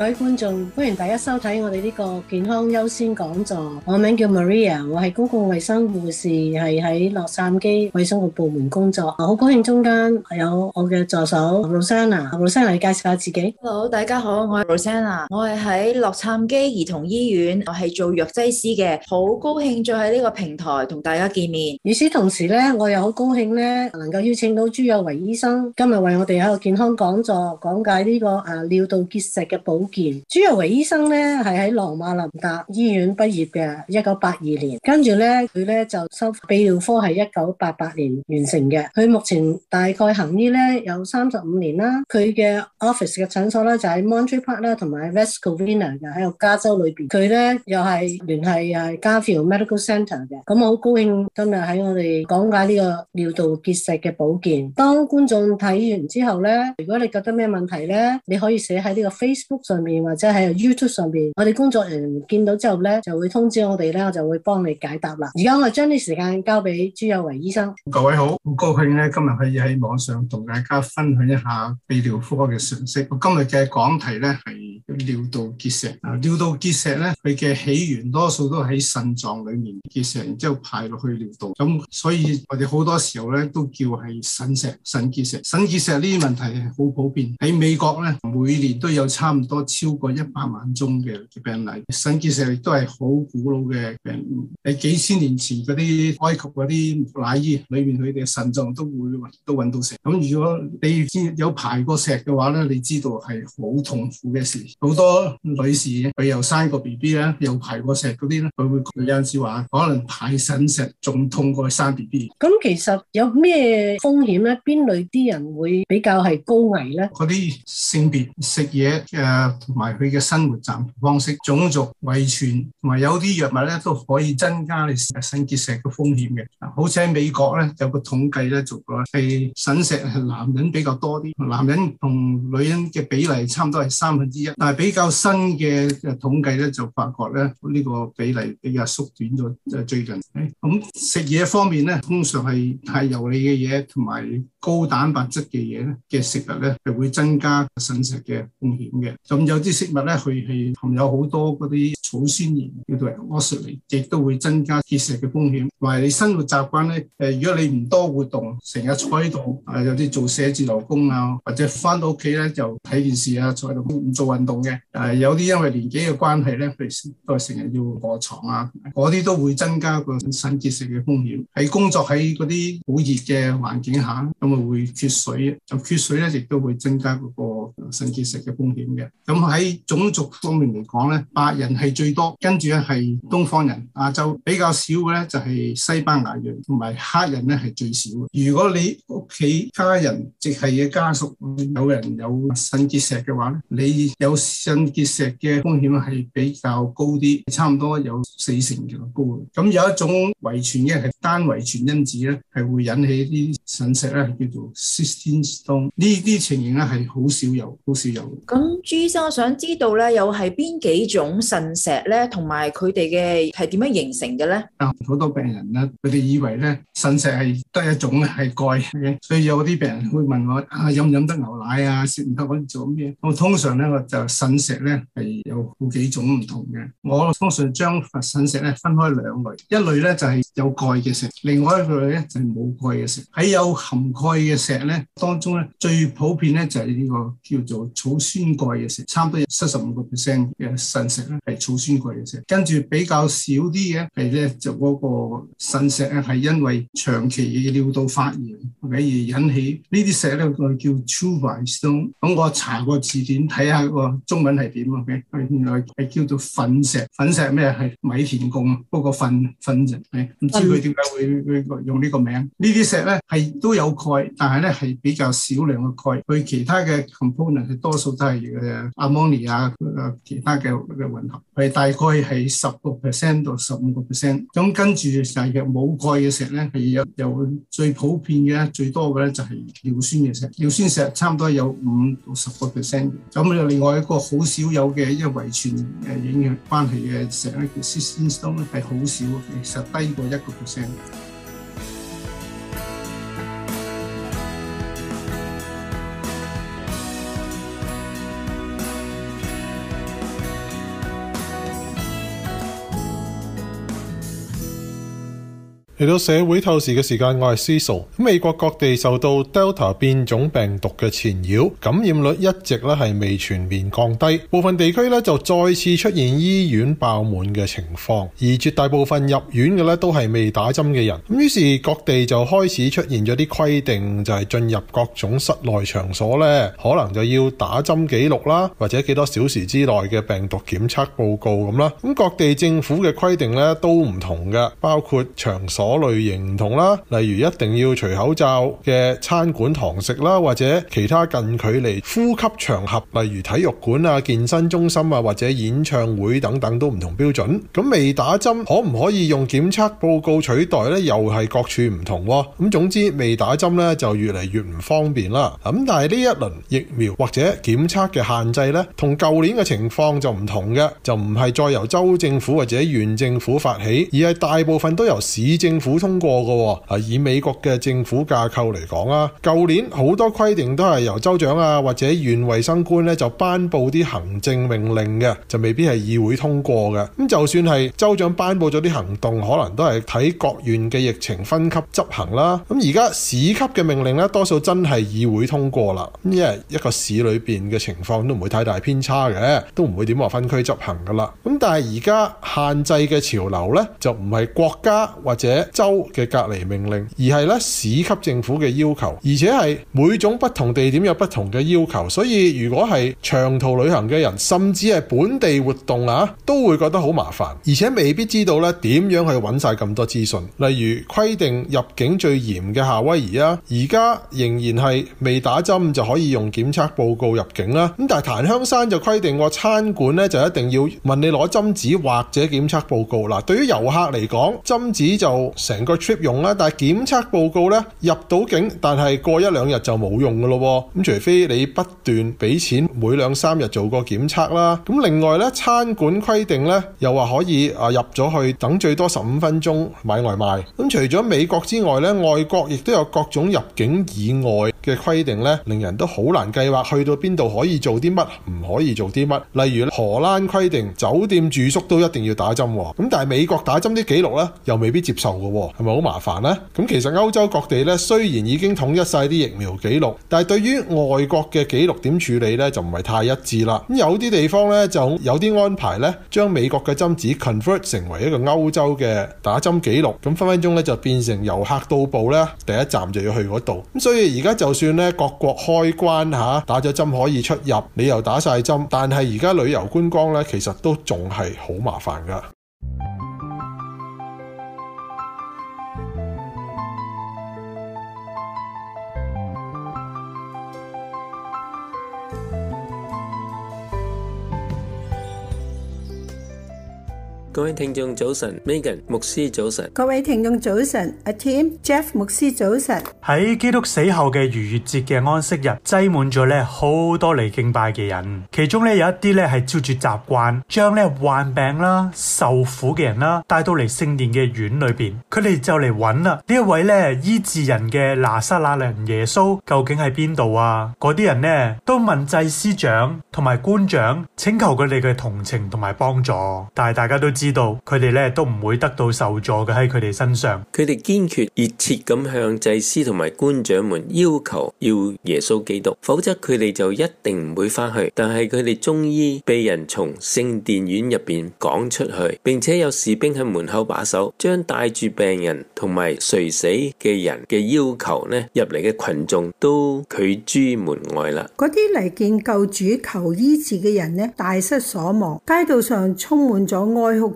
各位觀眾，歡迎大家收睇我哋呢個健康優先講座。我名叫 Maria，我係公共衛生護士，係喺洛杉磯衛生嘅部門工作。好高興中間有我嘅助手 Rosanna，Rosanna 你介紹下自己。Hello，大家好，我係 Rosanna，我係喺洛杉磯兒童醫院，我係做藥劑師嘅，好高興再喺呢個平台同大家見面。與此同時呢，我又好高興呢能夠邀請到朱有為醫生今日為我哋有一個健康講座講解呢個啊尿道結石嘅保朱耀維醫生咧係喺羅馬林達醫院畢業嘅，一九八二年，跟住咧佢咧就收泌尿科係一九八八年完成嘅。佢目前大概行醫咧有三十五年啦。佢嘅 office 嘅診所咧就喺 Monterey Park 啦，同埋 West Covina 嘅喺個加州裏邊。佢咧又係聯繫 Garfield Medical Center 嘅。咁我好高興今日喺我哋講解呢個尿道結石嘅保健。當觀眾睇完之後咧，如果你覺得咩問題咧，你可以寫喺呢個 Facebook 上。面或者喺 YouTube 上邊，我哋工作人員見到之後咧，就會通知我哋咧，我就會幫你解答啦。而家我哋將啲時間交俾朱有為醫生。各位好，咁高興咧，今日可以喺網上同大家分享一下泌尿科嘅信息。我今日嘅講題咧係。是尿道結石啊，尿道結石咧，佢嘅起源多數都喺腎臟裏面結石，然之後排落去尿道。咁所以，我哋好多時候咧都叫係腎石、腎結石、腎結石呢啲問題係好普遍。喺美國咧，每年都有差唔多超過一百萬宗嘅病例。腎結石亦都係好古老嘅病。喺幾千年前嗰啲埃及嗰啲木乃伊裏面，佢哋嘅腎臟都會都揾到石。咁如果你知有排過石嘅話咧，你知道係好痛苦嘅事。好多女士佢又生過 B B 啦，又排過石嗰啲咧，佢會有陣時話可能排腎石仲痛過生 B B。咁其實有咩風險咧？邊類啲人會比較係高危咧？嗰啲性別食嘢誒，同埋佢嘅生活習慣方式、種族遺傳同埋有啲藥物咧，都可以增加你腎結石嘅風險嘅。好似喺美國咧有個統計咧，做過係腎石係男人比較多啲，男人同女人嘅比例差唔多係三分之一，但係。比較新嘅統計呢，就發覺呢這呢個比例比較縮短咗，最近。咁食嘢方面呢，通常係太油膩嘅嘢同埋。高蛋白質嘅嘢咧，嘅食物咧，係會增加腎石嘅風險嘅。咁有啲食物咧，佢係含有好多嗰啲草酸鹽，叫做 oxalate，亦都會增加結石嘅風險。同埋你生活習慣咧，誒，如果你唔多活動，成日坐喺度，啊，有啲做寫字樓工啊，或者翻到屋企咧就睇電視啊，坐喺度唔做運動嘅，誒，有啲因為年紀嘅關係咧，譬如都係成日要臥床啊，嗰啲都會增加個腎結石嘅風險。喺工作喺嗰啲好熱嘅環境下。會會缺水，缺水咧，亦都會增加嗰個腎結石嘅風險嘅。咁喺種族方面嚟講咧，白人係最多，跟住咧係東方人，亞洲比較少嘅咧，就係西班牙人同埋黑人咧係最少。如果你屋企家人即係嘅家屬有人有腎結石嘅話咧，你有腎結石嘅風險係比較高啲，差唔多有四成嘅高。咁有一種遺傳嘅係單遺傳因子咧，係會引起啲腎石咧。叫做 system stone，呢啲情形咧係好少有，好少有。咁朱醫生，我想知道咧，又係邊幾種腎石咧，同埋佢哋嘅係點樣形成嘅咧？啊，好多病人咧，佢哋以為咧腎石係得一種係鈣嘅，所以有啲病人會問我啊，飲唔飲得牛奶啊，食唔得可以做咩？我通常咧我就腎石咧係有好幾種唔同嘅，我通常將腎石咧分開兩類，一類咧就係有鈣嘅石，另外一類咧就係冇鈣嘅石，喺有含鈣，鈣嘅石咧，當中咧最普遍咧就係呢個叫做草酸鈣嘅石，差唔多有七十五個 percent 嘅腎石咧係草酸鈣嘅石，跟住比較少啲嘅係咧就嗰個腎石咧係因為長期嘅尿道發炎，反而引起呢啲石咧佢叫 struvite stone，咁我查個字典睇下個中文係點啊，原來係叫做糞石，糞石咩？係米田共嗰個糞糞石，唔知佢點解會會用呢個名？呢啲石咧係都有鈣。但係咧係比較少量嘅鈣，佢其他嘅 component 佢多數都係阿 ammonia，誒其他嘅嘅混合，係大概係十個 percent 到十五個 percent。咁跟住就係冇鈣嘅石咧，係有由最普遍嘅、最多嘅咧就係尿酸嘅石，尿酸石差唔多有五到十個 percent。咁又另外一個好少有嘅因為遺傳誒影響關係嘅石咧叫 cystine stone 咧，係好少，其實低過一個 percent。嚟到社會透視嘅時間，我係 Cecil。美國各地受到 Delta 變種病毒嘅纏擾，感染率一直咧係未全面降低，部分地區咧就再次出現醫院爆滿嘅情況，而絕大部分入院嘅咧都係未打針嘅人。咁於是各地就開始出現咗啲規定，就係進入各種室內場所咧，可能就要打針記錄啦，或者幾多小時之內嘅病毒檢測報告咁啦。咁各地政府嘅規定咧都唔同嘅，包括場所。類型唔同啦，例如一定要除口罩嘅餐館堂食啦，或者其他近距離呼吸場合，例如體育館啊、健身中心啊，或者演唱會等等都唔同標準。咁未打針可唔可以用檢測報告取代呢？又係各處唔同。咁總之未打針呢就越嚟越唔方便啦。咁但係呢一輪疫苗或者檢測嘅限制呢，同舊年嘅情況就唔同嘅，就唔係再由州政府或者縣政府發起，而係大部分都由市政。府通過嘅。哦，啊以美國嘅政府架構嚟講啦，舊年好多規定都係由州長啊或者縣衛生官咧就頒布啲行政命令嘅，就未必係議會通過嘅。咁就算係州長頒布咗啲行動，可能都係睇各縣嘅疫情分級執行啦。咁而家市級嘅命令咧，多數真係議會通過啦。咁因為一個市裏邊嘅情況都唔會太大偏差嘅，都唔會點話分區執行噶啦。咁但係而家限制嘅潮流咧，就唔係國家或者。州嘅隔離命令，而係咧市級政府嘅要求，而且係每種不同地點有不同嘅要求，所以如果係長途旅行嘅人，甚至係本地活動啊，都會覺得好麻煩，而且未必知道咧點樣去揾晒咁多資訊。例如規定入境最嚴嘅夏威夷啊，而家仍然係未打針就可以用檢測報告入境啦、啊。咁但係檀香山就規定話，餐館咧就一定要問你攞針紙或者檢測報告啦、啊。對於遊客嚟講，針紙就成個 trip 用啦，但係檢測報告呢，入到境，但係過一兩日就冇用㗎咯。咁除非你不斷俾錢，每兩三日做個檢測啦。咁另外呢，餐館規定呢，又話可以啊入咗去等最多十五分鐘買外賣。咁除咗美國之外呢，外國亦都有各種入境以外。嘅規定咧，令人都好難計劃去到邊度可以做啲乜，唔可以做啲乜。例如荷蘭規定酒店住宿都一定要打針喎。咁但係美國打針啲記錄咧，又未必接受嘅，係咪好麻煩呢？咁其實歐洲各地咧，雖然已經統一晒啲疫苗記錄，但係對於外國嘅記錄點處理咧，就唔係太一致啦。咁有啲地方咧，就有啲安排咧，將美國嘅針紙 convert 成為一個歐洲嘅打針記錄。咁分分鐘咧就變成遊客到步咧，第一站就要去嗰度。咁所以而家就就算咧各國開關吓打咗針可以出入，你又打晒針，但係而家旅遊觀光咧，其實都仲係好麻煩噶。各位聽眾早晨，megan 牧師早晨，早晨各位聽眾早晨，阿 Tim、Jeff 牧師早晨。喺基督死後嘅逾越節嘅安息日，擠滿咗咧好多嚟敬拜嘅人，其中咧有一啲咧係照住習慣，將咧患病啦、受苦嘅人啦帶到嚟聖殿嘅院裏邊，佢哋就嚟揾啦呢一位咧醫治人嘅拿撒勒人耶穌，究竟係邊度啊？嗰啲人咧都問祭司長同埋官長，請求佢哋嘅同情同埋幫助，但係大家都知。知道佢哋咧都唔會得到受助嘅喺佢哋身上，佢哋堅決熱切咁向祭司同埋官長們要求要耶穌基督，否則佢哋就一定唔會翻去。但係佢哋終於被人從聖殿院入邊趕出去，並且有士兵喺門口把守，將帶住病人同埋垂死嘅人嘅要求呢入嚟嘅群眾都拒諸門外啦。嗰啲嚟見救主求醫治嘅人呢，大失所望，街道上充滿咗哀哭。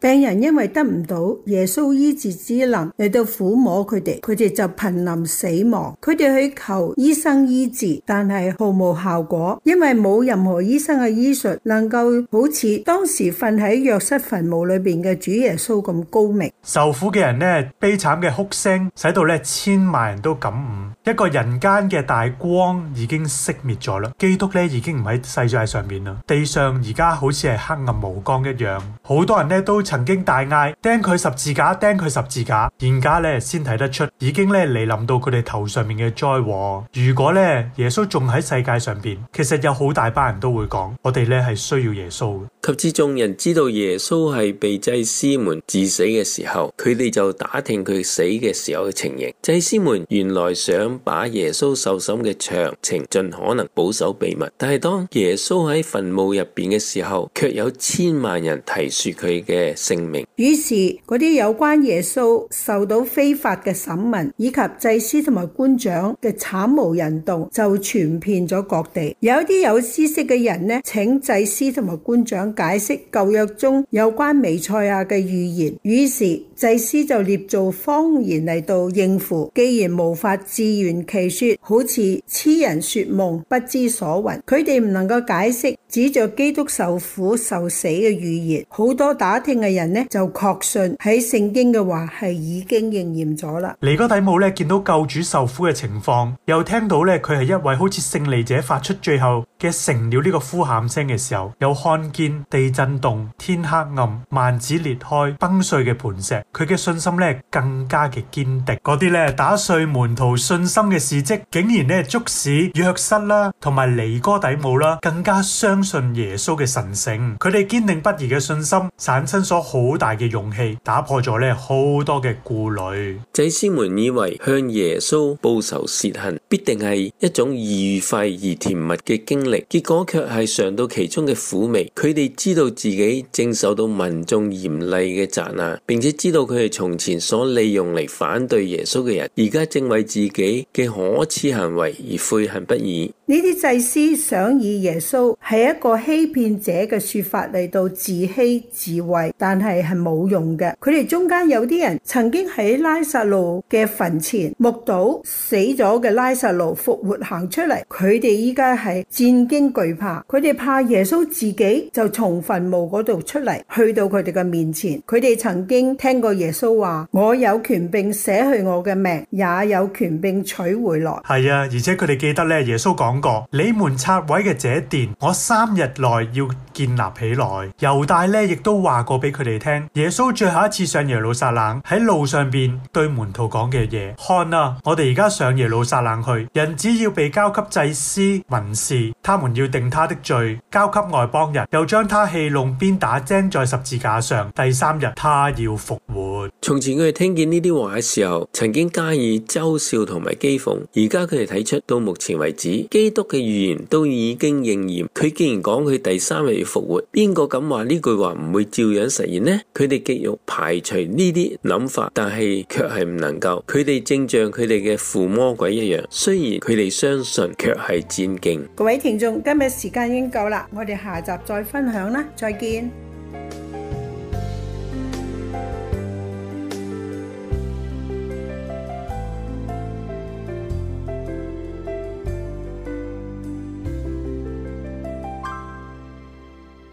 病人因為得唔到耶穌醫治之能，嚟到撫摸佢哋，佢哋就瀕臨死亡。佢哋去求醫生醫治，但係毫無效果，因為冇任何醫生嘅醫術能夠好似當時瞓喺約瑟墳墓裏邊嘅主耶穌咁高明。受苦嘅人呢，悲慘嘅哭聲，使到咧千萬人都感悟，一個人間嘅大光已經熄滅咗啦。基督咧已經唔喺世界上面啦，地上而家好似係黑暗無光一樣，好。很多人咧都曾經大嗌，釘佢十字架，釘佢十字架，現家咧先睇得出已經咧嚟，臨到佢哋頭上面嘅災禍。如果咧耶穌仲喺世界上邊，其實有好大班人都會講，我哋咧係需要耶穌嘅。及至眾人知道耶穌係被祭司們致死嘅時候，佢哋就打聽佢死嘅時候嘅情形。祭司們原來想把耶穌受審嘅詳情盡可能保守秘密，但係當耶穌喺墳墓入邊嘅時候，卻有千萬人提說。佢嘅性命。於是嗰啲有關耶穌受到非法嘅審問，以及祭司同埋官長嘅慘無人道，就傳遍咗各地。有啲有知識嘅人咧，請祭司同埋官長解釋舊約中有關彌賽亞嘅預言。於是祭司就捏造謊言嚟到應付，既然無法自圓其說，好似痴人說夢不知所云，佢哋唔能夠解釋，指着基督受苦受死嘅預言，好多。多打聽嘅人呢，就確信喺聖經嘅話係已經應驗咗啦。尼哥底母呢，見到救主受苦嘅情況，又聽到呢，佢係一位好似勝利者發出最後嘅成了呢個呼喊聲嘅時候，又看見地震動、天黑暗、萬子裂開、崩碎嘅磐石，佢嘅信心呢更加嘅堅定。嗰啲呢打碎門徒信心嘅事跡，竟然呢促使約瑟啦同埋尼哥底母啦更加相信耶穌嘅神聖。佢哋堅定不移嘅信心，產生咗好大嘅勇氣，打破咗呢好多嘅顧慮。祭司們以為向耶穌報仇洩恨，必定係一種愉快而甜蜜嘅經歷，結果卻係嘗到其中嘅苦味，佢哋知道自己正受到民眾嚴厲嘅責難，並且知道佢係從前所利用嚟反對耶穌嘅人，而家正為自己嘅可恥行為而悔恨不已。呢啲祭司想以耶穌係一個欺騙者嘅說法嚟,到自欺自慰，但係係冇用嘅。佢哋中間有啲人曾經喺拉撒路嘅墳前目睹死咗嘅拉撒路復活行出嚟，佢哋依家係戰驚懼怕，佢哋怕耶穌自己就從墳墓嗰度出嚟，去到佢哋嘅面前。佢哋曾經聽過耶穌話：，我有權並捨去我嘅命，也有權並取回來。係啊，而且佢哋記得咧，耶穌講。你們拆毀嘅這殿，我三日內要建立起來。猶大呢亦都話過俾佢哋聽，耶穌最後一次上耶路撒冷喺路上邊對門徒講嘅嘢：，看啊，我哋而家上耶路撒冷去，人子要被交給祭司、文士，他們要定他的罪，交給外邦人，又將他戲弄、鞭打，釘在十字架上，第三日他要復活。從前佢哋聽見呢啲話嘅時候，曾經加以嘲笑同埋譏諷。而家佢哋睇出到目前為止，基督嘅預言都已經應驗。佢既然講佢第三日要復活，邊個敢話呢句話唔會照樣實現呢？佢哋極欲排除呢啲諗法，但係卻係唔能夠。佢哋正像佢哋嘅父魔鬼一樣，雖然佢哋相信卻是，卻係戰兢。各位聽眾，今日時間已經夠啦，我哋下集再分享啦，再見。